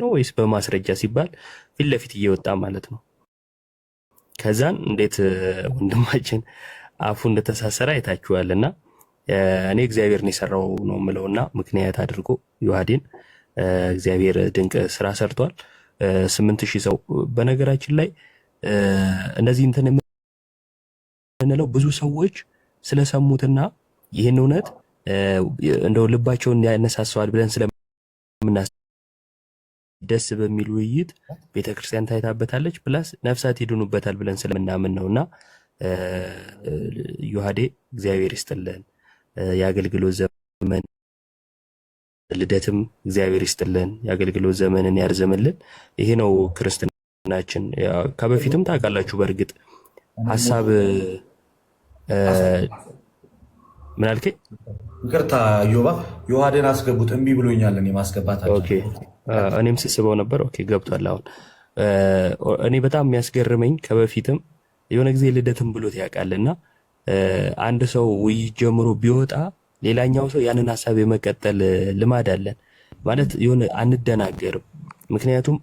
ነው ወይስ በማስረጃ ሲባል ፊት ለፊት እየወጣ ማለት ነው። ከዛን እንዴት ወንድማችን አፉ እንደተሳሰረ አይታችኋልና እኔ እግዚአብሔር ነው የሰራው ነው የምለውና ምክንያት አድርጎ ዮሐዴን እግዚአብሔር ድንቅ ስራ ሰርቷል። ስምንት ሺህ ሰው በነገራችን ላይ እነዚህ እንትን የምንለው ብዙ ሰዎች ስለሰሙትና ይህን እውነት እንደው ልባቸውን ያነሳሰዋል ብለን ስለምና ደስ በሚል ውይይት ቤተ ክርስቲያን ታይታበታለች። ፕላስ ነፍሳት ይድኑበታል ብለን ስለምናምን ነው። እና ዮሐዴ እግዚአብሔር ይስጥልን፣ የአገልግሎት ዘመን ልደትም እግዚአብሔር ይስጥልን፣ የአገልግሎት ዘመንን ያርዘምልን። ይሄ ነው ክርስትናችን። ከበፊትም ታውቃላችሁ፣ በእርግጥ ሀሳብ ምን አልከኝ? ይቅርታ ዮባ ዮሐዴን አስገቡት። እምቢ ብሎኛለን የማስገባት እኔም ስስበው ነበር። ኦኬ ገብቷል። አሁን እኔ በጣም የሚያስገርመኝ ከበፊትም የሆነ ጊዜ ልደትም ብሎት ያውቃልና አንድ ሰው ውይይት ጀምሮ ቢወጣ ሌላኛው ሰው ያንን ሀሳብ የመቀጠል ልማድ አለን ማለት የሆነ አንደናገርም። ምክንያቱም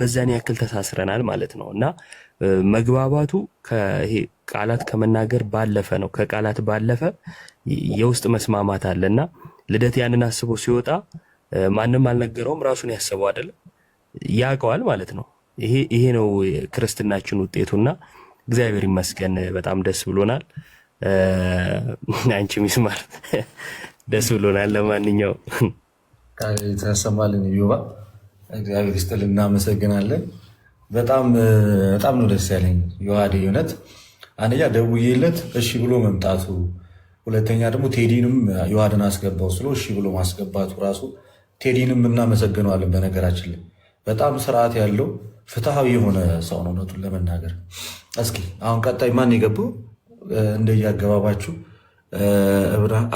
በዛን ያክል ተሳስረናል ማለት ነው እና መግባባቱ ይሄ ቃላት ከመናገር ባለፈ ነው። ከቃላት ባለፈ የውስጥ መስማማት አለና ልደት ያንን አስቦ ሲወጣ ማንም አልነገረውም፣ ራሱን ያሰበው አይደለም ያውቀዋል ማለት ነው። ይሄ ነው ክርስትናችን ውጤቱና እግዚአብሔር ይመስገን በጣም ደስ ብሎናል። አንቺ ሚስማር ደስ ብሎናል። ለማንኛውም ተሰማልን ዮባ እግዚአብሔር ስጥል እናመሰግናለን። በጣም በጣም ነው ደስ ያለኝ የዋዴ እውነት አንደኛ ደውዬለት እሺ ብሎ መምጣቱ፣ ሁለተኛ ደግሞ ቴዲንም የዋድን አስገባው ስሎ እሺ ብሎ ማስገባቱ ራሱ ቴዲንም እናመሰግነዋለን። በነገራችን ላይ በጣም ስርዓት ያለው ፍትሐዊ የሆነ ሰው ነው፣ እውነቱን ለመናገር። እስኪ አሁን ቀጣይ ማን የገባው እንደየአገባባችሁ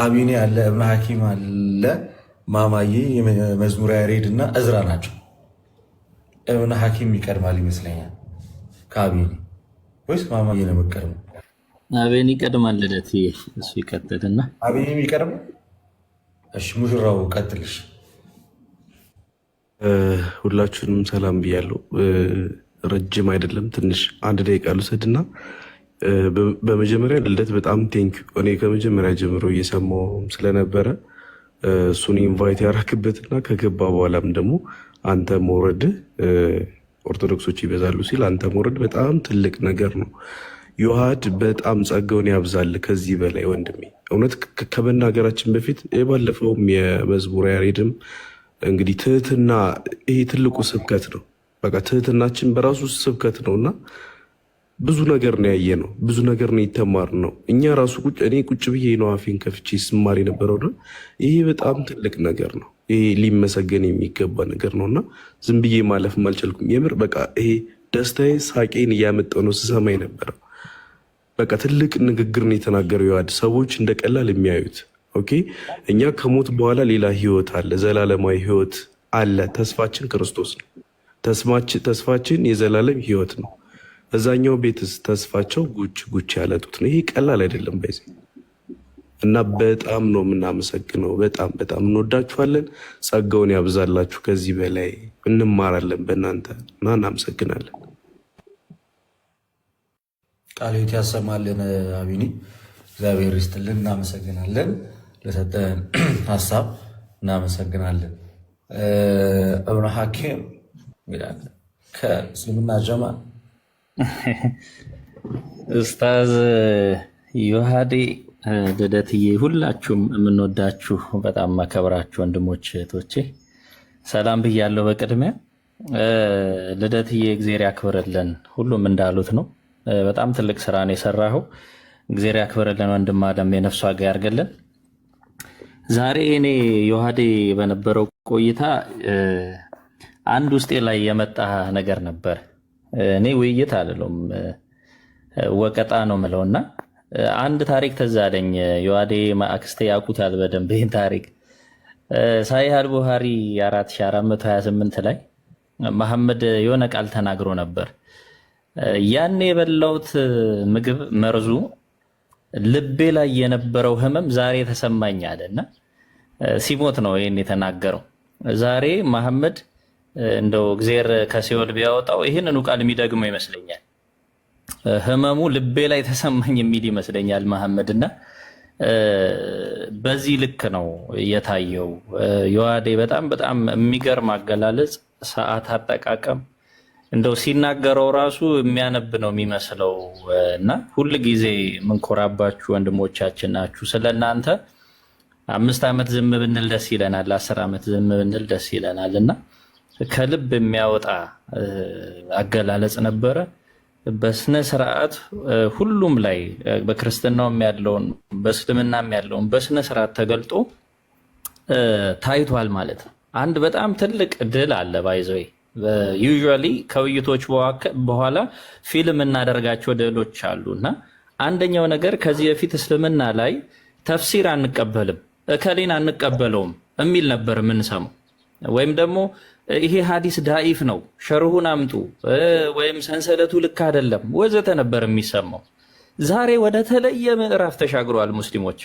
አቢኔ አለ፣ እብነ ሐኪም አለ፣ ማማዬ መዝሙር ያሬድ እና እዝራ ናቸው። እብነ ሐኪም ይቀድማል ይመስለኛል ከአቢኔ ወይስ ማማዬ ነው የምቀድመው? አቤን ይቀድማል። ልደት እሱ ይቀጥልና አቤን ይቀድማል። እሺ ሙሽራው ቀጥልሽ ሁላችሁንም ሰላም ብያለሁ። ረጅም አይደለም ትንሽ አንድ ደቂቃ እና በመጀመሪያ ልደት በጣም ቴንኪ እኔ ከመጀመሪያ ጀምሮ እየሰማውም ስለነበረ እሱን ኢንቫይት እና ከገባ በኋላም ደግሞ አንተ መውረድ ኦርቶዶክሶች ይበዛሉ ሲል አንተ መውረድ በጣም ትልቅ ነገር ነው። ዮሐድ በጣም ጸጋውን ያብዛል። ከዚህ በላይ ወንድሜ እውነት ከመናገራችን በፊት የባለፈውም የመዝሙር ያሬድም እንግዲህ ትህትና ይሄ ትልቁ ስብከት ነው። በቃ ትህትናችን በራሱ ስብከት ነው እና ብዙ ነገር ነው ያየ ነው ብዙ ነገር ነው የተማር ነው። እኛ ራሱ እኔ ቁጭ ብዬ ነው አፌን ከፍቼ ስማር የነበረው እና ይሄ በጣም ትልቅ ነገር ነው። ይሄ ሊመሰገን የሚገባ ነገር ነው እና ዝም ብዬ ማለፍ አልቻልኩም። የምር በቃ ይሄ ደስታዬ ሳቄን እያመጣው ነው ስሰማ የነበረው። በቃ ትልቅ ንግግር ነው የተናገረው። ሰዎች እንደ ቀላል የሚያዩት ኦኬ እኛ ከሞት በኋላ ሌላ ህይወት አለ፣ ዘላለማዊ ህይወት አለ። ተስፋችን ክርስቶስ ነው። ተስፋችን የዘላለም ህይወት ነው። እዛኛው ቤትስ ተስፋቸው ጉች ጉች ያለጡት ነው። ይሄ ቀላል አይደለም ባይዜ እና በጣም ነው የምናመሰግነው። በጣም በጣም እንወዳችኋለን። ጸጋውን ያብዛላችሁ። ከዚህ በላይ እንማራለን በእናንተ እና እናመሰግናለን። ቃልዮት ያሰማልን። አቢኒ እግዚአብሔር ይስጥልን። እናመሰግናለን። ለሰጠን ሀሳብ እናመሰግናለን። እብኑ ሐኪም ይላል ከእስልምና ጀማ ኡስታዝ ዮሃዲ ልደትዬ፣ ሁላችሁም የምንወዳችሁ በጣም ማከብራችሁ ወንድሞች እህቶቼ ሰላም ብያለሁ። በቅድሚያ ልደትዬ እግዜር ያክብርልን። ሁሉም እንዳሉት ነው። በጣም ትልቅ ስራ ነው የሰራኸው። እግዜር ያክብርልን። ወንድም አለም የነፍሱ ዋጋ ያርገልን። ዛሬ እኔ ዮሐዴ በነበረው ቆይታ አንድ ውስጤ ላይ የመጣ ነገር ነበር። እኔ ውይይት አልለውም ወቀጣ ነው ምለው እና አንድ ታሪክ ትዝ አለኝ። ዮሐዴ ማዕክስቴ ያውቁታል በደንብ ይህን ታሪክ። ሳሂህ አልቡሃሪ 4428 ላይ መሐመድ የሆነ ቃል ተናግሮ ነበር። ያኔ የበላውት ምግብ መርዙ ልቤ ላይ የነበረው ህመም ዛሬ ተሰማኝ አለና ሲሞት ነው ይህን የተናገረው። ዛሬ መሐመድ እንደው እግዜር ከሲኦል ቢያወጣው ይህንኑ ቃል የሚደግመው ይመስለኛል። ህመሙ ልቤ ላይ ተሰማኝ የሚል ይመስለኛል መሐመድ እና በዚህ ልክ ነው የታየው። የዋዴ በጣም በጣም የሚገርም አገላለጽ፣ ሰዓት አጠቃቀም እንደው ሲናገረው ራሱ የሚያነብ ነው የሚመስለው እና ሁል ጊዜ የምንኮራባችሁ ወንድሞቻችን ናችሁ። ስለ እናንተ አምስት ዓመት ዝም ብንል ደስ ይለናል። አስር ዓመት ዝም ብንል ደስ ይለናል እና ከልብ የሚያወጣ አገላለጽ ነበረ። በስነ ስርዓት ሁሉም ላይ በክርስትናውም ያለውን በእስልምናም ያለውን በስነ ስርዓት ተገልጦ ታይቷል ማለት ነው። አንድ በጣም ትልቅ ድል አለ ባይዘይ ዩዥዋሊ ከውይይቶች በኋላ ፊልም እናደርጋቸው ደሎች አሉ እና አንደኛው ነገር ከዚህ በፊት እስልምና ላይ ተፍሲር አንቀበልም እከሌን አንቀበለውም የሚል ነበር የምንሰማው። ወይም ደግሞ ይሄ ሀዲስ ዳኢፍ ነው ሸርሁን አምጡ ወይም ሰንሰለቱ ልክ አይደለም ወዘተ ነበር የሚሰማው። ዛሬ ወደ ተለየ ምዕራፍ ተሻግረዋል። ሙስሊሞች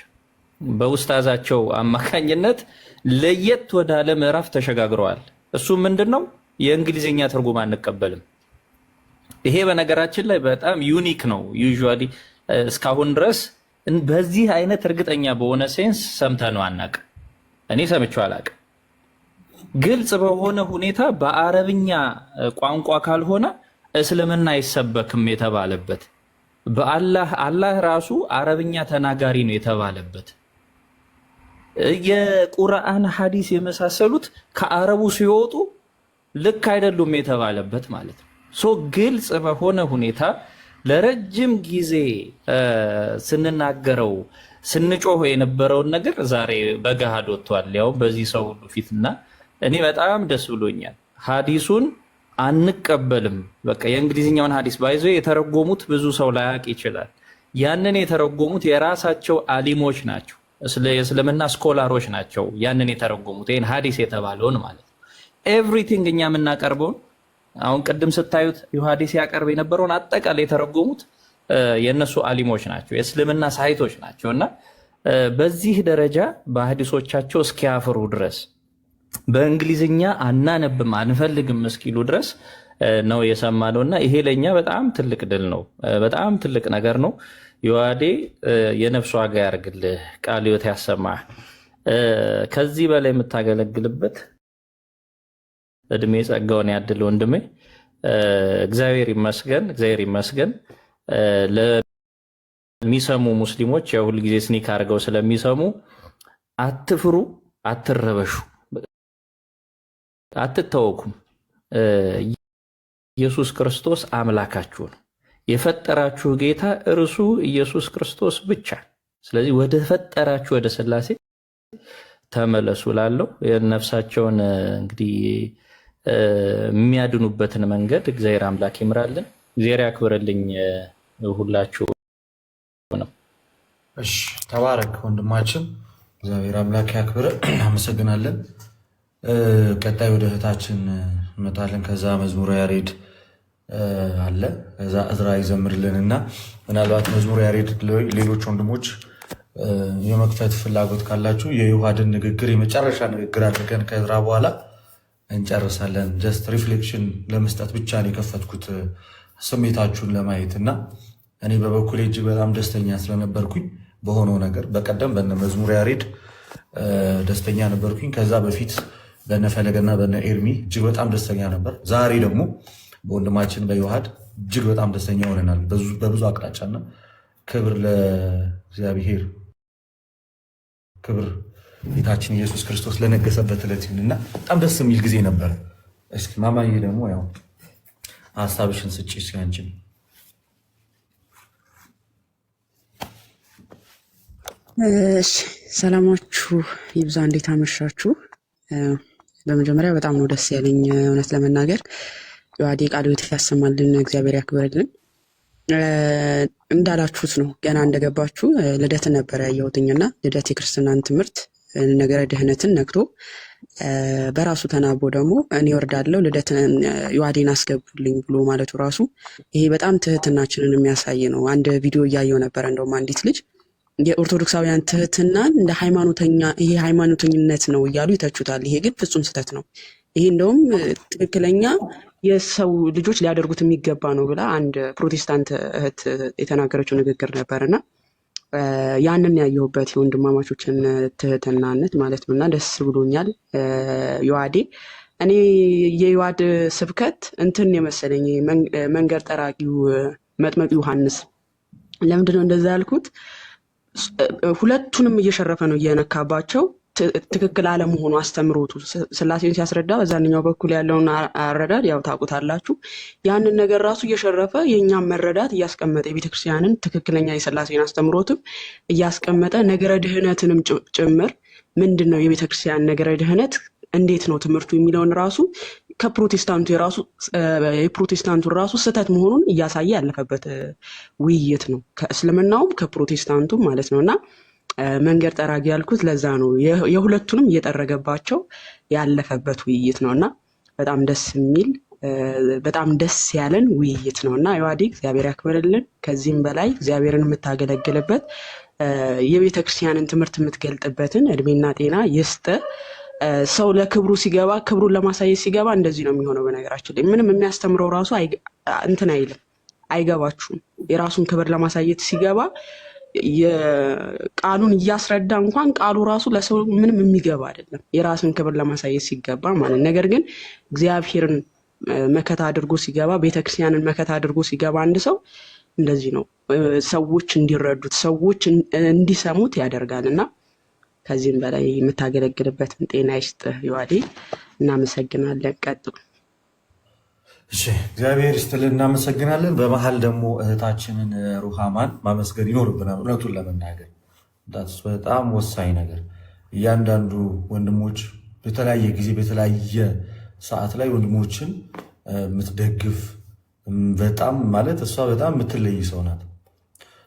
በውስታዛቸው አማካኝነት ለየት ወዳለ ምዕራፍ ተሸጋግረዋል። እሱ ምንድን ነው? የእንግሊዝኛ ትርጉም አንቀበልም። ይሄ በነገራችን ላይ በጣም ዩኒክ ነው። ዩዥዋሊ እስካሁን ድረስ በዚህ አይነት እርግጠኛ በሆነ ሴንስ ሰምተነው አናቅ። እኔ ሰምቼው አላቅ። ግልጽ በሆነ ሁኔታ በአረብኛ ቋንቋ ካልሆነ እስልምና አይሰበክም የተባለበት በአላህ አላህ ራሱ አረብኛ ተናጋሪ ነው የተባለበት የቁርአን ሐዲስ የመሳሰሉት ከአረቡ ሲወጡ ልክ አይደሉም የተባለበት ማለት ነው። ሶ ግልጽ በሆነ ሁኔታ ለረጅም ጊዜ ስንናገረው ስንጮህ የነበረውን ነገር ዛሬ በገሃድ ወጥቷል፣ ያው በዚህ ሰው ሁሉ ፊትና እኔ በጣም ደስ ብሎኛል። ሀዲሱን አንቀበልም በቃ የእንግሊዝኛውን ሀዲስ ባይዞ የተረጎሙት ብዙ ሰው ላያቅ ይችላል። ያንን የተረጎሙት የራሳቸው አሊሞች ናቸው፣ የእስልምና ስኮላሮች ናቸው። ያንን የተረጎሙት ይህን ሀዲስ የተባለውን ማለት ነው ኤቭሪቲንግ እኛ የምናቀርበውን አሁን ቅድም ስታዩት ዮሐዲስ ሲያቀርብ የነበረውን አጠቃላይ የተረጎሙት የእነሱ አሊሞች ናቸው፣ የእስልምና ሳይቶች ናቸው። እና በዚህ ደረጃ በሀዲሶቻቸው እስኪያፍሩ ድረስ በእንግሊዝኛ አናነብም አንፈልግም እስኪሉ ድረስ ነው የሰማነው። እና ይሄ ለእኛ በጣም ትልቅ ድል ነው፣ በጣም ትልቅ ነገር ነው። ዮሐዴ የነፍሱ ዋጋ ያርግልህ፣ ቃልዮት ያሰማህ፣ ከዚህ በላይ የምታገለግልበት እድሜ ጸጋውን ያድል ወንድሜ። እግዚአብሔር ይመስገን፣ እግዚአብሔር ይመስገን። ለሚሰሙ ሙስሊሞች የሁል ጊዜ ስኒክ አድርገው ስለሚሰሙ አትፍሩ፣ አትረበሹ፣ አትታወኩም። ኢየሱስ ክርስቶስ አምላካችሁ ነው። የፈጠራችሁ ጌታ እርሱ ኢየሱስ ክርስቶስ ብቻ። ስለዚህ ወደ ፈጠራችሁ ወደ ሥላሴ ተመለሱ ላለው ነፍሳቸውን እንግዲህ የሚያድኑበትን መንገድ እግዚአብሔር አምላክ ይምራልን። እግዚአብሔር ያክብርልኝ። ሁላችሁ ነው። እሺ፣ ተባረክ ወንድማችን፣ እግዚአብሔር አምላክ ያክብር። አመሰግናለን። ቀጣይ ወደ እህታችን እንመጣለን። ከዛ መዝሙረ ያሬድ አለ። ከዛ እዝራ ይዘምርልን እና ምናልባት መዝሙረ ያሬድ ሌሎች ወንድሞች የመክፈት ፍላጎት ካላችሁ የዮሐድን ንግግር የመጨረሻ ንግግር አድርገን ከእዝራ በኋላ እንጨርሳለን። ጀስት ሪፍሌክሽን ለመስጠት ብቻ ነው የከፈትኩት ስሜታችሁን ለማየት እና እኔ በበኩሌ እጅግ በጣም ደስተኛ ስለነበርኩኝ በሆነው ነገር በቀደም በነ መዝሙር ያሬድ ደስተኛ ነበርኩኝ። ከዛ በፊት በነ ፈለገና በነ ኤርሚ እጅግ በጣም ደስተኛ ነበር። ዛሬ ደግሞ በወንድማችን በዮሐድ እጅግ በጣም ደስተኛ ሆነናል በብዙ አቅጣጫና ክብር ለእግዚአብሔር ክብር ጌታችን ኢየሱስ ክርስቶስ ለነገሰበት ዕለት ይሁንና በጣም ደስ የሚል ጊዜ ነበር። እስኪ ማማዬ ደግሞ ያው ሀሳብሽን ስጭ ሲያንችም ሰላማችሁ ይብዛ። እንዴት አመሻችሁ? በመጀመሪያ በጣም ነው ደስ ያለኝ እውነት ለመናገር የዋዴ ቃሉ ያሰማልን፣ እግዚአብሔር ያክብርልን። እንዳላችሁት ነው ገና እንደገባችሁ ልደት ነበረ ያየሁትኝና ልደት የክርስትናን ትምህርት ነገረ ድህነትን ነክቶ በራሱ ተናቦ ደግሞ እኔ ወርዳለው ልደት ዮአዴን አስገቡልኝ ብሎ ማለቱ ራሱ ይሄ በጣም ትህትናችንን የሚያሳይ ነው። አንድ ቪዲዮ እያየው ነበረ። እንደውም አንዲት ልጅ የኦርቶዶክሳውያን ትህትናን እንደ ሃይማኖተኛ ይሄ ሃይማኖተኝነት ነው እያሉ ይተቹታል። ይሄ ግን ፍጹም ስህተት ነው። ይሄ እንደውም ትክክለኛ የሰው ልጆች ሊያደርጉት የሚገባ ነው ብላ አንድ ፕሮቴስታንት እህት የተናገረችው ንግግር ነበር እና ያንን ያየሁበት የወንድማማቾችን ትህትናነት ማለት ነው እና ደስ ብሎኛል። ዮአዴ እኔ የዮአድ ስብከት እንትን የመሰለኝ መንገድ ጠራቂው መጥመቅ ዮሐንስ። ለምንድነው እንደዛ ያልኩት? ሁለቱንም እየሸረፈ ነው እየነካባቸው ትክክል አለመሆኑ አስተምሮቱ ስላሴን ሲያስረዳ በዛንኛው በኩል ያለውን አረዳድ ያው ታውቁታላችሁ። ያንን ነገር ራሱ እየሸረፈ የእኛም መረዳት እያስቀመጠ የቤተክርስቲያንን ትክክለኛ የስላሴን አስተምሮትም እያስቀመጠ ነገረ ድህነትንም ጭምር ምንድን ነው የቤተክርስቲያን ነገረ ድህነት እንዴት ነው ትምህርቱ የሚለውን ራሱ ከፕሮቴስታንቱ የራሱ የፕሮቴስታንቱን ራሱ ስህተት መሆኑን እያሳየ ያለፈበት ውይይት ነው። ከእስልምናውም ከፕሮቴስታንቱ ማለት ነው እና መንገድ ጠራጊ ያልኩት ለዛ ነው። የሁለቱንም እየጠረገባቸው ያለፈበት ውይይት ነው እና በጣም ደስ የሚል በጣም ደስ ያለን ውይይት ነው እና ዋዲ እግዚአብሔር ያክብርልን። ከዚህም በላይ እግዚአብሔርን የምታገለግልበት የቤተ ክርስቲያንን ትምህርት የምትገልጥበትን እድሜና ጤና ይስጥ። ሰው ለክብሩ ሲገባ ክብሩን ለማሳየት ሲገባ እንደዚህ ነው የሚሆነው። በነገራችን ላይ ምንም የሚያስተምረው ራሱ እንትን አይልም፣ አይገባችሁም። የራሱን ክብር ለማሳየት ሲገባ ቃሉን እያስረዳ እንኳን ቃሉ ራሱ ለሰው ምንም የሚገባ አይደለም፣ የራስን ክብር ለማሳየት ሲገባ ማለት ነገር ግን እግዚአብሔርን መከታ አድርጎ ሲገባ፣ ቤተክርስቲያንን መከታ አድርጎ ሲገባ አንድ ሰው እንደዚህ ነው ሰዎች እንዲረዱት ሰዎች እንዲሰሙት ያደርጋል እና ከዚህም በላይ የምታገለግልበትን ጤና ይስጥህ ይዋዴ እናመሰግናለን። ቀጥሉ። እግዚአብሔር ስትልን እናመሰግናለን። በመሀል ደግሞ እህታችንን ሩሃማን ማመስገን ይኖርብናል። እውነቱን ለመናገር በጣም ወሳኝ ነገር እያንዳንዱ ወንድሞች በተለያየ ጊዜ በተለያየ ሰዓት ላይ ወንድሞችን የምትደግፍ በጣም ማለት እሷ በጣም የምትለይ ሰው ናት።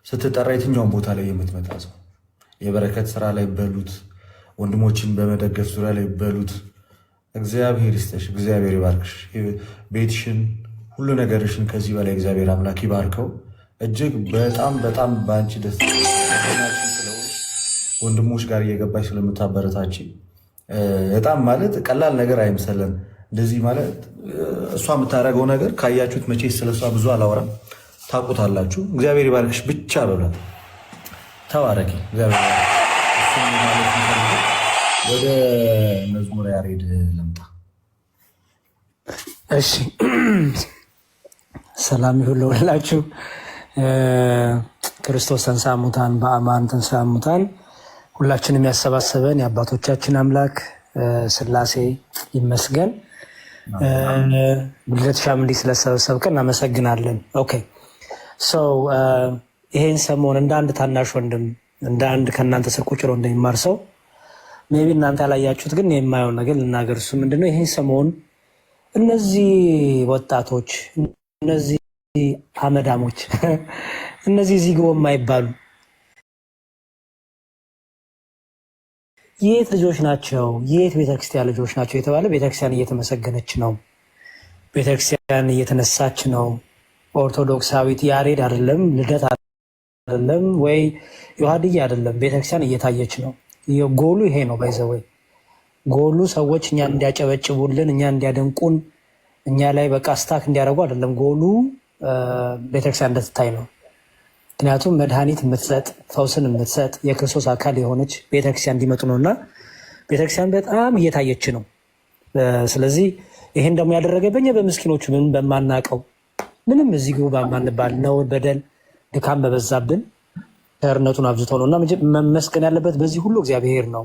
ስትጠራ የትኛውን ቦታ ላይ የምትመጣ ሰው የበረከት ስራ ላይ በሉት ወንድሞችን በመደገፍ ዙሪያ ላይ በሉት እግዚአብሔር ይስጠሽ፣ እግዚአብሔር ይባርክሽ፣ ቤትሽን፣ ሁሉ ነገርሽን ከዚህ በላይ እግዚአብሔር አምላክ ይባርከው። እጅግ በጣም በጣም በአንቺ ደስ ወንድሞች ጋር እየገባች ስለምታበረታች በጣም ማለት ቀላል ነገር አይምሰለን። እንደዚህ ማለት እሷ የምታደርገው ነገር ካያችሁት፣ መቼ ስለሷ ብዙ አላወራም ታውቁታላችሁ። እግዚአብሔር ይባርክሽ ብቻ በሏት። ተባረኪ። ወደ መዝሙር ያሬድ ልምጣ። እሺ፣ ሰላም ይሁን ለሁላችሁ። ክርስቶስ ተንሥአ እሙታን በአማን ተንሥአ እሙታን ሁላችንም ያሰባሰበን የአባቶቻችን አምላክ ስላሴ ይመስገን። ጉድለት ሻምንዲ ስለሰበሰብከን እናመሰግናለን። ኦኬ ሰው ይሄን ሰሞን እንደ አንድ ታናሽ ወንድም እንደ አንድ ከእናንተ ስር እንደሚማር ሰው ሜይ ቢ እናንተ ያላያችሁት ግን የማየውን ነገር ልናገር። እሱ ምንድነው ይሄ ሰሞን እነዚህ ወጣቶች እነዚህ አመዳሞች እነዚህ እዚህ የማይባሉ የት ልጆች ናቸው? የት ቤተክርስቲያን ልጆች ናቸው የተባለ ቤተክርስቲያን እየተመሰገነች ነው። ቤተክርስቲያን እየተነሳች ነው። ኦርቶዶክሳዊት ያሬድ አይደለም፣ ልደት አይደለም፣ ወይ የዋህድዬ አይደለም። ቤተክርስቲያን እየታየች ነው። ጎሉ ይሄ ነው። ባይዘወይ ጎሉ ሰዎች እኛ እንዲያጨበጭቡልን፣ እኛ እንዲያደንቁን፣ እኛ ላይ በቃ ስታክ እንዲያደርጉ አይደለም። ጎሉ ቤተክርስቲያን እንደትታይ ነው። ምክንያቱም መድኃኒት የምትሰጥ ፈውስን የምትሰጥ የክርስቶስ አካል የሆነች ቤተክርስቲያን እንዲመጡ ነው እና ቤተክርስቲያን በጣም እየታየች ነው። ስለዚህ ይሄን ደግሞ ያደረገ በኛ በምስኪኖቹ ምን በማናቀው ምንም እዚህ ግቡ በማንባል ነውር፣ በደል፣ ድካም በበዛብን ቸርነቱን አብዝቶ ነው እና መመስገን ያለበት በዚህ ሁሉ እግዚአብሔር ነው።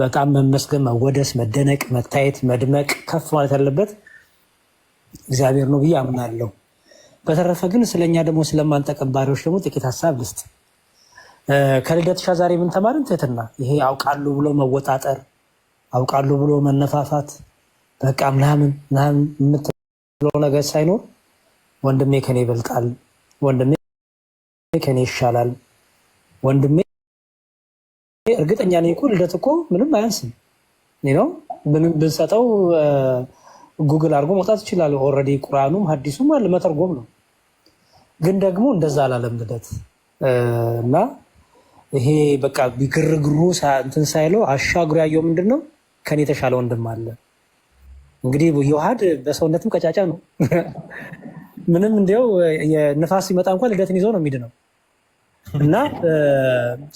በጣም መመስገን፣ መወደስ፣ መደነቅ፣ መታየት፣ መድመቅ፣ ከፍ ማለት ያለበት እግዚአብሔር ነው ብዬ አምናለሁ። በተረፈ ግን ስለኛ ደግሞ ባሪዎች ደግሞ ጥቂት ሀሳብ ልስጥ። ከልደትሻ ዛሬ ምን ተማርን? ትህትና። ይሄ አውቃሉ ብሎ መወጣጠር፣ አውቃሉ ብሎ መነፋፋት፣ በቃ ምናምን ምናምን የምትለው ነገር ሳይኖር ወንድሜ ከኔ ይበልጣል፣ ወንድሜ ከኔ ይሻላል ወንድሜ እርግጠኛ ነኝ እኮ ልደት እኮ ምንም አያንስም ነው ብንሰጠው ጉግል አድርጎ መውጣት ይችላል። ኦልሬዲ ቁርአኑም ሀዲሱም አለ መተርጎም ነው። ግን ደግሞ እንደዛ አላለም ልደት እና ይሄ በቃ ቢግርግሩ እንትን ሳይለው አሻግሮ ያየው ምንድን ነው ከኔ የተሻለ ወንድም አለ። እንግዲህ የውሃድ በሰውነትም ቀጫጫ ነው። ምንም እንዲያው ንፋስ ሲመጣ እንኳን ልደትን ይዞ ነው የሚድነው። እና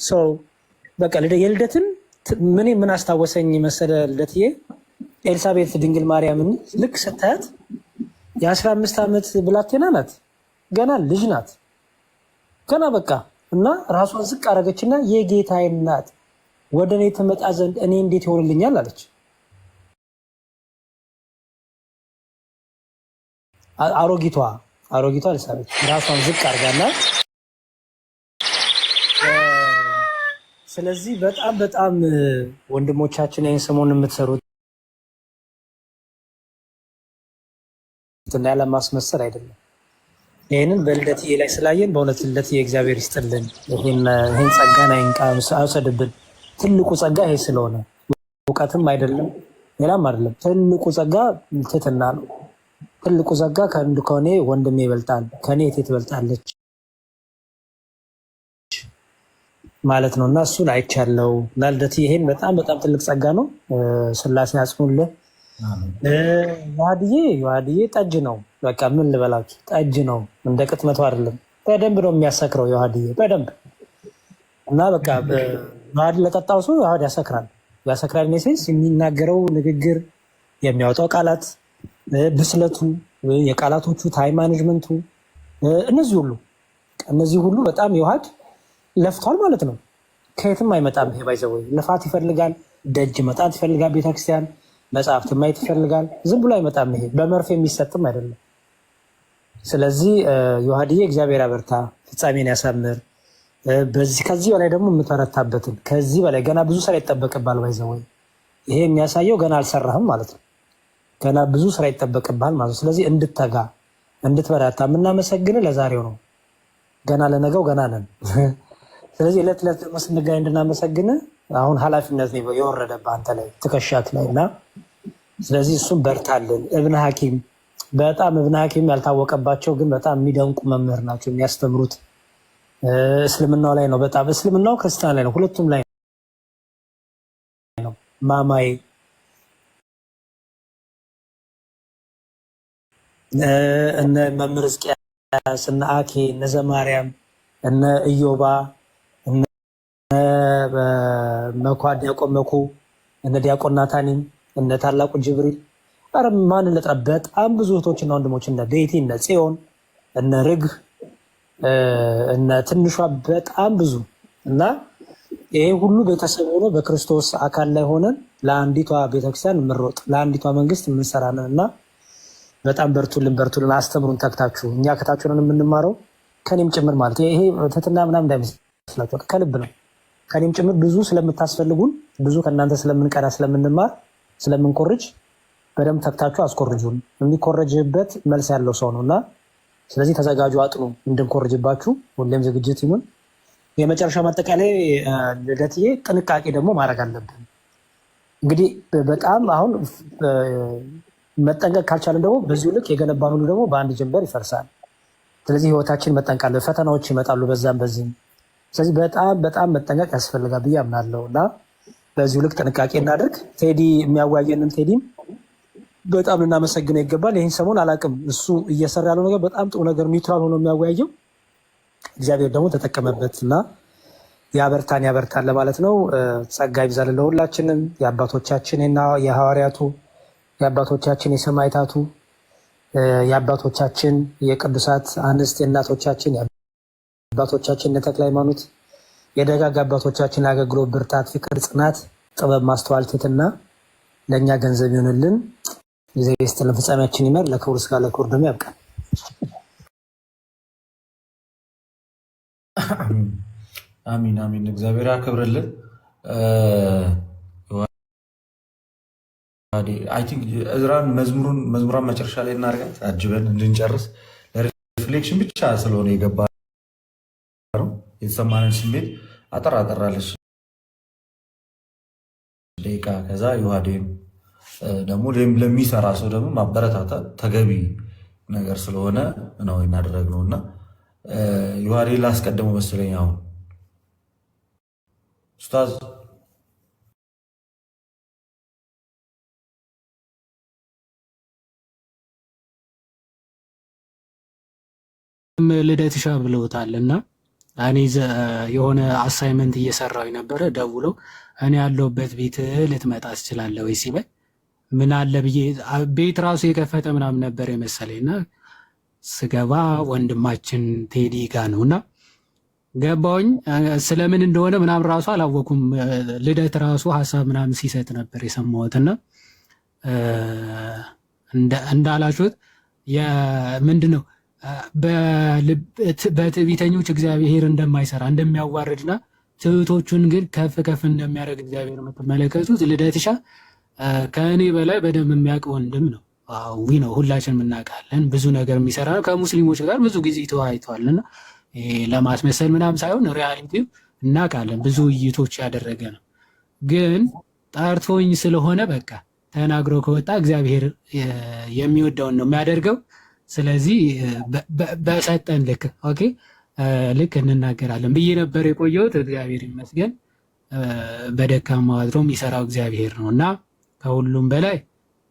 ሰው በቃ የልደትን ምን ምን አስታወሰኝ መሰለ ልደትዬ፣ ኤልሳቤት ድንግል ማርያምን ልክ ስታያት የአስራ አምስት ዓመት ብላቴና ናት፣ ገና ልጅ ናት፣ ገና በቃ እና ራሷን ዝቅ አረገችና የጌታዬ ናት ወደ እኔ ትመጣ ዘንድ እኔ እንዴት ይሆንልኛል አለች። አሮጊቷ አሮጊቷ ኤልሳቤት ራሷን ዝቅ አርጋና ስለዚህ በጣም በጣም ወንድሞቻችን ይህን ሰሞን የምትሰሩት እና ያለማስመሰል አይደለም። ይህንን በልደትዬ ላይ ስላየን በእውነት ልደትዬ እግዚአብሔር ይስጥልን፣ ይህን ጸጋን አውሰድብን ትልቁ ጸጋ ይሄ ስለሆነ እውቀትም አይደለም ሌላም አይደለም። ትልቁ ጸጋ ትትና ነው። ትልቁ ጸጋ ከእንድ ከሆኔ ወንድሜ ይበልጣል ከኔ እቴ ትበልጣለች ማለት ነው እና እሱን አይቻለው እና ልደት ይሄን በጣም በጣም ትልቅ ጸጋ ነው። ስላሴ አጽኑልህ። ዋድዬ ዋድዬ ጠጅ ነው። በቃ ምን ልበላችሁ፣ ጠጅ ነው። እንደ ቅጥመቱ አይደለም። በደንብ ነው የሚያሰክረው የዋድዬ በደንብ እና በቃ ዋድ ለጠጣው ሰው ዋድ ያሰክራል፣ ያሰክራል። ሜሴንስ የሚናገረው ንግግር፣ የሚያወጣው ቃላት፣ ብስለቱ፣ የቃላቶቹ ታይም ማኔጅመንቱ፣ እነዚህ ሁሉ እነዚህ ሁሉ በጣም የዋህድ ለፍቷል ማለት ነው። ከየትም አይመጣም። ይሄ ባይዘ ልፋት ይፈልጋል፣ ደጅ መጣት ይፈልጋል፣ ቤተክርስቲያን መጽሐፍት ማየት ይፈልጋል። ዝም ብሎ አይመጣም። ይሄ በመርፌ የሚሰጥም አይደለም። ስለዚህ ዮሐድዬ እግዚአብሔር አበርታ ፍጻሜን ያሳምር። በዚህ ከዚህ በላይ ደግሞ የምትበረታበትን ከዚህ በላይ ገና ብዙ ስራ ይጠበቅባል። ባይዘወይ ይሄ የሚያሳየው ገና አልሰራህም ማለት ነው። ገና ብዙ ስራ ይጠበቅብሃል ማለት ነው። ስለዚህ እንድትተጋ እንድትበረታ የምናመሰግን ለዛሬው ነው። ገና ለነገው ገና ነን። ስለዚህ እለት እለት ደግሞ ስንገናኝ እንድናመሰግን አሁን ኃላፊነት የወረደብህ አንተ ላይ ትከሻት ላይ እና ስለዚህ እሱም በርታልን። እብነ ሐኪም በጣም እብነ ሐኪም ያልታወቀባቸው ግን በጣም የሚደንቁ መምህር ናቸው። የሚያስተምሩት እስልምናው ላይ ነው። በጣም እስልምናው ክርስቲያን ላይ ነው፣ ሁለቱም ላይ ነው። ማማይ እነ መምህር ሕዝቅያስ እነ አኬ እነ ዘማርያም እነ እዮባ መኳድ ዲያቆን መኩ እነ ዲያቆን ናታኒም እነ ታላቁ ጅብሪል ኧረ ማን ልጥራ በጣም ብዙ እህቶችና ወንድሞች እነ ቤቲ እነ ጽዮን እነ ርግ እነ ትንሿ በጣም ብዙ እና ይሄ ሁሉ ቤተሰብ ሆኖ በክርስቶስ አካል ላይ ሆነን ለአንዲቷ ቤተክርስቲያን የምንሮጥ ለአንዲቷ መንግስት የምንሰራንን እና በጣም በርቱልን በርቱልን፣ አስተምሩን ተክታችሁ እኛ ከታችሁንን የምንማረው ከኔም ጭምር ማለት ይሄ ትትና ምናምን እንዳይመስላችሁ ከልብ ነው። ከኔም ጭምር ብዙ ስለምታስፈልጉን ብዙ ከእናንተ ስለምንቀዳ ስለምንማር ስለምንኮርጅ በደንብ ተግታችሁ አስኮርጁን። የሚኮረጅበት መልስ ያለው ሰው ነው እና ስለዚህ ተዘጋጁ፣ አጥኑ፣ እንድንኮርጅባችሁ ሁሌም ዝግጅት ይሁን። የመጨረሻ ማጠቃላይ ልደትዬ፣ ጥንቃቄ ደግሞ ማድረግ አለብን። እንግዲህ በጣም አሁን መጠንቀቅ ካልቻለን ደግሞ በዚሁ ልክ የገነባ ሁሉ ደግሞ በአንድ ጀንበር ይፈርሳል። ስለዚህ ህይወታችን መጠንቃለን። ፈተናዎች ይመጣሉ በዛም በዚህም ስለዚህ በጣም በጣም መጠንቀቅ ያስፈልጋል ብዬ አምናለሁ እና በዚሁ ልክ ጥንቃቄ እናደርግ። ቴዲ የሚያዋየንን ቴዲም በጣም ልናመሰግነው ይገባል። ይህን ሰሞን አላቅም እሱ እየሰራ ያለው ነገር በጣም ጥሩ ነገር ኒውትራል ሆኖ የሚያወያየው እግዚአብሔር ደግሞ ተጠቀመበት እና ያበርታን ያበርታን ለማለት ነው። ጸጋ ይብዛል ለሁላችንም የአባቶቻችን የሐዋርያቱ የአባቶቻችን የሰማዕታቱ የአባቶቻችን የቅዱሳት አንስት የእናቶቻችን አባቶቻችን እንደ ተክለ ሃይማኖት የደጋግ አባቶቻችን አገልግሎት፣ ብርታት፣ ፍቅር፣ ጽናት፣ ጥበብ፣ ማስተዋል፣ ትህትና ለእኛ ገንዘብ ይሆንልን። ጊዜ ስትልን ፍጻሜያችን ይመር። ለክቡር ስጋ ለክቡር ደግሞ ያብቃል። አሚን አሚን። እግዚአብሔር ያክብርልን። እዝራን መዝሙሩን መዝሙራን መጨረሻ ላይ እናርጋት አጅበን እንድንጨርስ ለሪፍሌክሽን ብቻ ስለሆነ የገባ ነው። የተሰማንን ስሜት አጠር አጠራለች ደቂቃ። ከዛ ዩሃዴም ደግሞ ም ለሚሰራ ሰው ደግሞ ማበረታታ ተገቢ ነገር ስለሆነ ነው እናደረግነው እና ዩሃዴ ላስቀደሙ መሰለኝ አሁን ኡስታዝ ልደት ሻ ብለውታል እና እኔ የሆነ አሳይመንት እየሰራው ነበረ ደውሎ እኔ ያለሁበት ቤት ልትመጣ ትችላለህ ወይ ሲበል ምን አለ ብዬ ቤት ራሱ የከፈተ ምናምን ነበር የመሰለኝ እና ስገባ ወንድማችን ቴዲ ጋ ነው እና ገባውኝ ስለምን እንደሆነ ምናምን ራሱ አላወኩም። ልደት ራሱ ሀሳብ ምናምን ሲሰጥ ነበር የሰማሁት እና እንዳላችሁት ምንድን ነው በትዕቢተኞች እግዚአብሔር እንደማይሰራ እንደሚያዋርድና ትቶቹን ግን ከፍ ከፍ እንደሚያደርግ እግዚአብሔር የምትመለከቱት ልደትሻ ከእኔ በላይ በደንብ የሚያውቅ ወንድም ነው። አዊ ነው፣ ሁላችንም እናውቃለን። ብዙ ነገር የሚሰራ ነው። ከሙስሊሞች ጋር ብዙ ጊዜ ተወያይተዋል እና ለማስመሰል ምናምን ሳይሆን ሪያሊቲው እናውቃለን። ብዙ ውይይቶች ያደረገ ነው። ግን ጠርቶኝ ስለሆነ በቃ ተናግሮ ከወጣ እግዚአብሔር የሚወደውን ነው የሚያደርገው። ስለዚህ በሰጠን ልክ ኦኬ ልክ እንናገራለን ብዬ ነበር የቆየሁት። እግዚአብሔር ይመስገን በደካማ አድሮ የሚሰራው እግዚአብሔር ነው እና ከሁሉም በላይ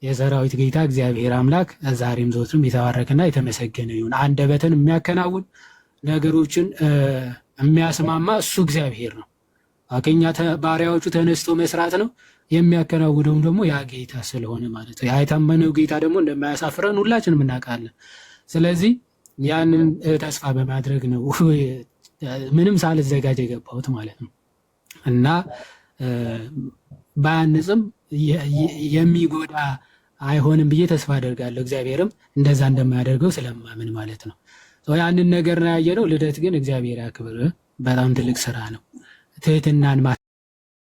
የሰራዊት ጌታ እግዚአብሔር አምላክ ዛሬም ዘወትርም የተባረከና የተመሰገነ ይሁን። አንደበትን የሚያከናውን ነገሮችን የሚያስማማ እሱ እግዚአብሔር ነው። ከእኛ ባሪያዎቹ ተነስቶ መስራት ነው። የሚያከናውደውም ደግሞ ያ ጌታ ስለሆነ ማለት ነው። ያ የታመነው ጌታ ደግሞ እንደማያሳፍረን ሁላችንም እናውቃለን። ስለዚህ ያንን ተስፋ በማድረግ ነው ምንም ሳልዘጋጅ የገባሁት ማለት ነው እና ባያንጽም የሚጎዳ አይሆንም ብዬ ተስፋ አደርጋለሁ። እግዚአብሔርም እንደዛ እንደማያደርገው ስለማምን ማለት ነው። ያንን ነገር ነው ያየነው። ልደት ግን እግዚአብሔር ያክብር። በጣም ትልቅ ስራ ነው። ትህትናን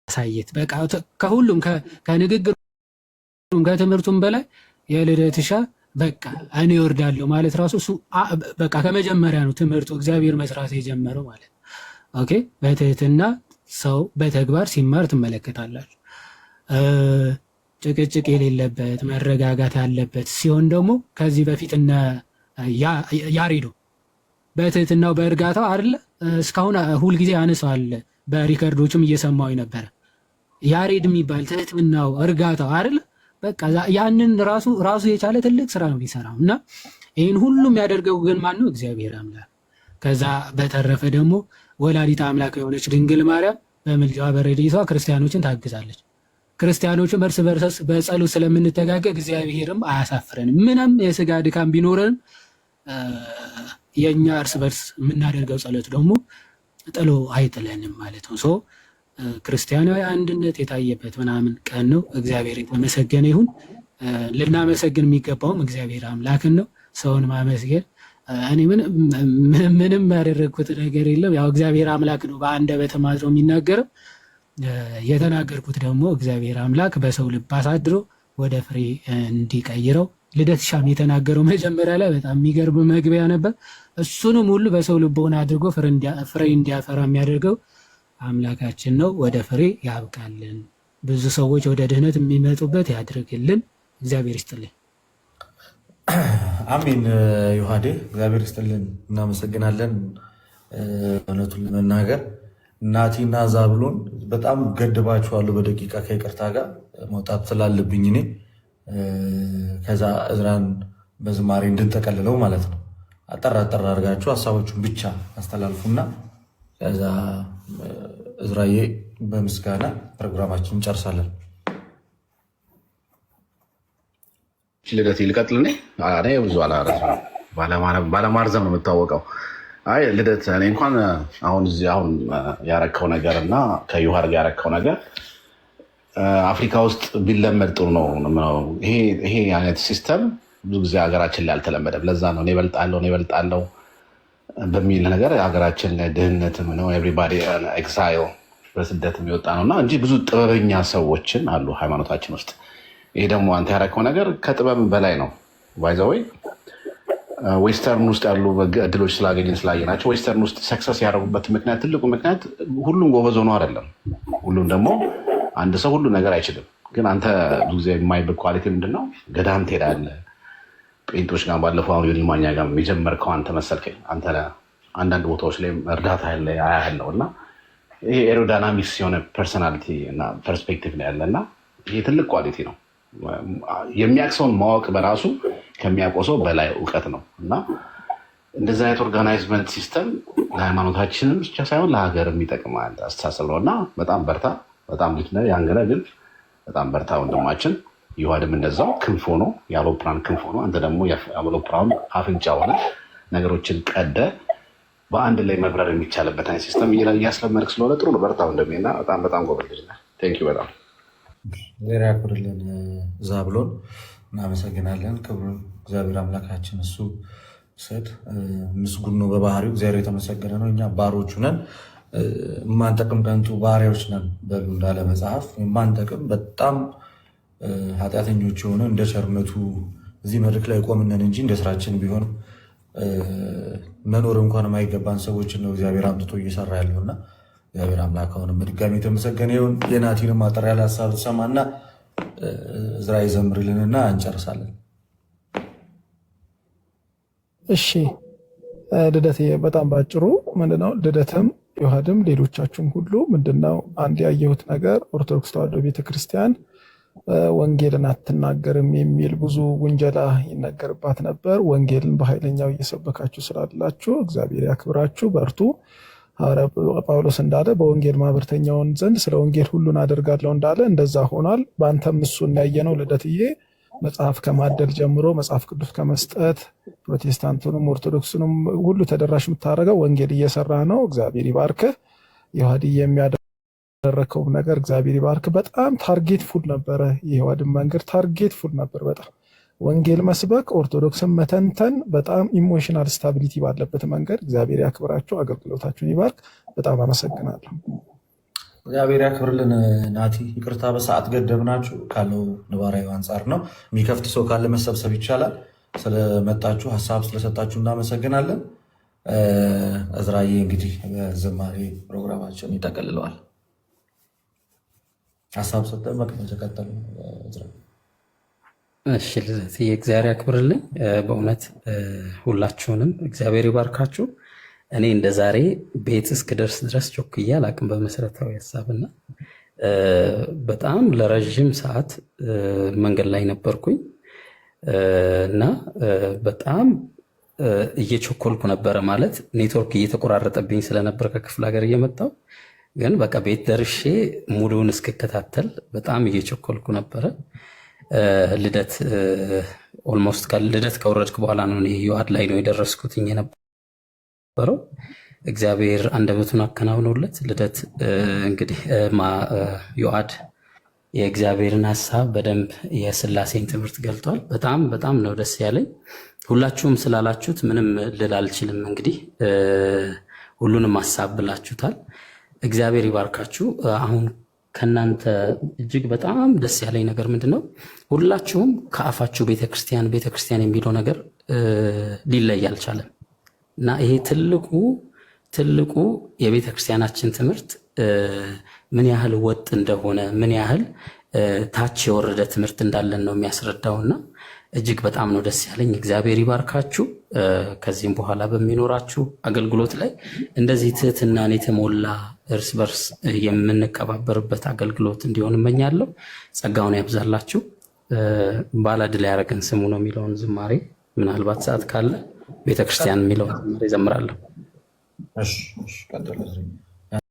ማሳየት በቃ ከሁሉም ከንግግሩም ከትምህርቱም በላይ የልደትሻ በቃ እኔ ወርዳለሁ ማለት ራሱ እሱ በቃ ከመጀመሪያ ነው ትምህርቱ እግዚአብሔር መስራት የጀመረው ማለት ነው። ኦኬ በትህትና ሰው በተግባር ሲማር ትመለከታላችሁ። ጭቅጭቅ የሌለበት መረጋጋት ያለበት ሲሆን ደግሞ ከዚህ በፊት እነ ያሬዶ በትህትናው በእርጋታው አይደለ እስካሁን ሁልጊዜ አነሳዋል። በሪከርዶችም እየሰማው ነበረ ያሬድ የሚባል ትህትምናው እርጋታው አይደል በቃ ያንን ራሱ ራሱ የቻለ ትልቅ ስራ ነው የሚሰራው እና ይህን ሁሉ የሚያደርገው ግን ማን ነው? እግዚአብሔር አምላክ። ከዛ በተረፈ ደግሞ ወላዲት አምላክ የሆነች ድንግል ማርያም በምልጃዋ በረድኤቷ ክርስቲያኖችን ታግዛለች። ክርስቲያኖችም እርስ በርሰስ በጸሎት ስለምንተጋገ እግዚአብሔርም አያሳፍረንም። ምንም የስጋ ድካም ቢኖረንም የእኛ እርስ በርስ የምናደርገው ጸሎት ደግሞ ጥሎ አይጥለንም ማለት ነው። ክርስቲያናዊ አንድነት የታየበት ምናምን ቀን ነው። እግዚአብሔር የተመሰገነ ይሁን። ልናመሰግን የሚገባውም እግዚአብሔር አምላክን ነው። ሰውን ማመስገን እኔ ምንም ያደረግኩት ነገር የለም። ያው እግዚአብሔር አምላክ ነው በአንደበተ ማጥሮ የሚናገረው። የተናገርኩት ደግሞ እግዚአብሔር አምላክ በሰው ልብ አሳድሮ ወደ ፍሬ እንዲቀይረው ልደት ሻም የተናገረው መጀመሪያ ላይ በጣም የሚገርም መግቢያ ነበር። እሱንም ሁሉ በሰው ልቦና አድርጎ ፍሬ እንዲያፈራ የሚያደርገው አምላካችን ነው። ወደ ፍሬ ያብቃልን። ብዙ ሰዎች ወደ ድህነት የሚመጡበት ያድርግልን። እግዚአብሔር ይስጥልን። አሚን። ዮሐዴ እግዚአብሔር ይስጥልን። እናመሰግናለን። እውነቱን ለመናገር ናቲና ዛብሎን በጣም ገድባችኋለሁ። በደቂቃ ከይቅርታ ጋር መውጣት ስላለብኝ እኔ ከዛ እዝራን በዝማሬ እንድንጠቀልለው ማለት ነው። አጠራ አጠራ አድርጋችሁ ሀሳቦቹን ብቻ አስተላልፉና ከዛ እዝራዬ በምስጋና ፕሮግራማችን እንጨርሳለን። ልደት ልቀጥል። እኔ ብዙ ባለማርዘም ነው የምታወቀው። አይ ልደት፣ እኔ እንኳን አሁን እዚህ አሁን ያረከው ነገር እና ከዩሃር ጋር ያረከው ነገር አፍሪካ ውስጥ ቢለመድ ጥሩ ነው። ይሄ አይነት ሲስተም ብዙ ጊዜ ሀገራችን ላይ አልተለመደም። ለዛ ነው እኔ እበልጣለሁ እኔ እበልጣለሁ በሚል ነገር ሀገራችን ድህነት ድህነትም ነው ኤቭሪባዲ ኤግዛይል በስደት የሚወጣ ነው እና እንጂ ብዙ ጥበበኛ ሰዎችን አሉ ሃይማኖታችን ውስጥ። ይሄ ደግሞ አንተ ያረከው ነገር ከጥበብ በላይ ነው። ባይዘወይ ዌስተርን uh, ውስጥ ያሉ እድሎች ስላገኘን ስላየናቸው ዌስተርን ውስጥ ሰክሰስ ያደረጉበት ምክንያት ትልቁ ምክንያት ሁሉም ጎበዝ ሆኖ አይደለም። ሁሉም ደግሞ አንድ ሰው ሁሉ ነገር አይችልም። ግን አንተ ብዙ ጊዜ የማይበት ኳሊቲ ምንድን ነው? ገዳም ትሄዳለህ ጴንቶች ጋር ባለፈው አሁን ዮኒ ማኛ ጋር የጀመርከው አንተ መሰልከኝ አንተ አንዳንድ ቦታዎች ላይ እርዳታ ያለ አያህል ነው እና ይሄ ኤሮዳይናሚክስ የሆነ ፐርሶናሊቲ እና ፐርስፔክቲቭ ላይ ያለ እና ይህ ትልቅ ኳሊቲ ነው። የሚያቅሰውን ማወቅ በራሱ ከሚያውቀው ሰው በላይ እውቀት ነው እና እንደዚህ አይነት ኦርጋናይዝመንት ሲስተም ለሃይማኖታችንም ብቻ ሳይሆን ለሀገር የሚጠቅም አስተሳሰብ ነው እና በጣም በርታ። በጣም ልጅ ነህ፣ ያንገረ ግን በጣም በርታ ወንድማችን። የዋድም እንደዛው ክንፎ ነው፣ የአውሮፕላን ክንፎ ነው። አንተ ደግሞ የአውሮፕላን አፍንጫ ሆነ ነገሮችን ቀደ በአንድ ላይ መብረር የሚቻልበት አይነት ሲስተም እያስለመድክ ስለሆነ ጥሩ ነው። በርታው እንደሚና በጣም በጣም ጎበዝ ልጅ ነህ። ቴንኪው በጣም እግዚአብሔር ያክብርልን። ዛብሎን እናመሰግናለን። ክብሩ እግዚአብሔር አምላካችን እሱ ሰድ ምስጉን ነው በባህሪው እግዚአብሔር የተመሰገነ ነው። እኛ ባሮቹ ነን የማንጠቅም ከንቱ ባሪያዎች ነን በሉ እንዳለ መጽሐፍ የማንጠቅም በጣም ኃጢአተኞች የሆነ እንደ ቸርነቱ እዚህ መድረክ ላይ ቆምነን እንጂ እንደ ስራችን ቢሆን መኖር እንኳን የማይገባን ሰዎችን ነው እግዚአብሔር አምጥቶ እየሰራ ያለውና እግዚአብሔር አምላክ አሁንም በድጋሚ የተመሰገነ ይሁን። የናቲንም አጠር ያለ ሀሳብ ሰማና እዝራ ይዘምርልንና እንጨርሳለን። እሺ ልደት በጣም ባጭሩ ምንድነው ልደትም ዮሐድም ሌሎቻችሁም ሁሉ ምንድነው አንድ ያየሁት ነገር ኦርቶዶክስ ተዋህዶ ቤተክርስቲያን ወንጌልን አትናገርም የሚል ብዙ ውንጀላ ይነገርባት ነበር። ወንጌልን በኃይለኛው እየሰበካችሁ ስላላችሁ እግዚአብሔር ያክብራችሁ፣ በርቱ። ጳውሎስ እንዳለ በወንጌል ማህበርተኛውን ዘንድ ስለ ወንጌል ሁሉን አደርጋለሁ እንዳለ እንደዛ ሆኗል። በአንተም እሱ እናየነው ልደትዬ መጽሐፍ ከማደል ጀምሮ መጽሐፍ ቅዱስ ከመስጠት ፕሮቴስታንቱንም ኦርቶዶክሱንም ሁሉ ተደራሽ የምታደርገው ወንጌል እየሰራ ነው። እግዚአብሔር ይባርክህ። ይሁዲ የሚያደ ያደረከውም ነገር እግዚአብሔር ይባርክ። በጣም ታርጌት ፉል ነበረ። የህዋድን መንገድ ታርጌት ፉል ነበር። በጣም ወንጌል መስበክ፣ ኦርቶዶክስን መተንተን በጣም ኢሞሽናል ስታቢሊቲ ባለበት መንገድ እግዚአብሔር ያክብራችሁ፣ አገልግሎታችሁን ይባርክ። በጣም አመሰግናለሁ። እግዚአብሔር ያክብርልን። ናቲ ይቅርታ በሰዓት ገደብ ናችሁ ካለው ንባራዊ አንጻር ነው። የሚከፍት ሰው ካለ መሰብሰብ ይቻላል። ስለመጣችሁ ሀሳብ ስለሰጣችሁ እናመሰግናለን። እዝራዬ እንግዲህ በዝማሬ ፕሮግራማችን ይጠቀልለዋል። ሀሳብ ሰጠ ተከተሉ። እሺ ልደትዬ እግዚአብሔር ያክብርልኝ። በእውነት ሁላችሁንም እግዚአብሔር ይባርካችሁ። እኔ እንደ ዛሬ ቤት እስክደርስ ድረስ ጮክዬ አላቅም በመሰረታዊ ሀሳብና በጣም ለረዥም ሰዓት መንገድ ላይ ነበርኩኝ እና በጣም እየቸኮልኩ ነበረ። ማለት ኔትወርክ እየተቆራረጠብኝ ስለነበር ከክፍለ ሀገር እየመጣው ግን በቃ ቤት ደርሼ ሙሉውን እስክከታተል በጣም እየቸኮልኩ ነበረ። ልደት ኦልሞስት ልደት ከወረድክ በኋላ ነው ህይወት ላይ ነው የደረስኩት የነበረው። እግዚአብሔር አንደበቱን አከናውኖለት ልደት እንግዲህ ዮአድ የእግዚአብሔርን ሀሳብ በደንብ የስላሴን ትምህርት ገልጧል። በጣም በጣም ነው ደስ ያለኝ። ሁላችሁም ስላላችሁት ምንም ልል አልችልም። እንግዲህ ሁሉንም ሀሳብ ብላችሁታል። እግዚአብሔር ይባርካችሁ። አሁን ከእናንተ እጅግ በጣም ደስ ያለኝ ነገር ምንድን ነው? ሁላችሁም ከአፋችሁ ቤተክርስቲያን ቤተክርስቲያን የሚለው ነገር ሊለይ አልቻለም እና ይሄ ትልቁ ትልቁ የቤተክርስቲያናችን ትምህርት ምን ያህል ወጥ እንደሆነ ምን ያህል ታች የወረደ ትምህርት እንዳለን ነው የሚያስረዳው እና እጅግ በጣም ነው ደስ ያለኝ። እግዚአብሔር ይባርካችሁ። ከዚህም በኋላ በሚኖራችሁ አገልግሎት ላይ እንደዚህ ትህትናን የተሞላ እርስ በርስ የምንከባበርበት አገልግሎት እንዲሆን እመኛለሁ። ጸጋውን ያብዛላችሁ። ባለድል ያደረገን ስሙ ነው የሚለውን ዝማሬ ምናልባት ሰዓት ካለ ቤተክርስቲያን የሚለውን ዝማሬ ዘምራለሁ።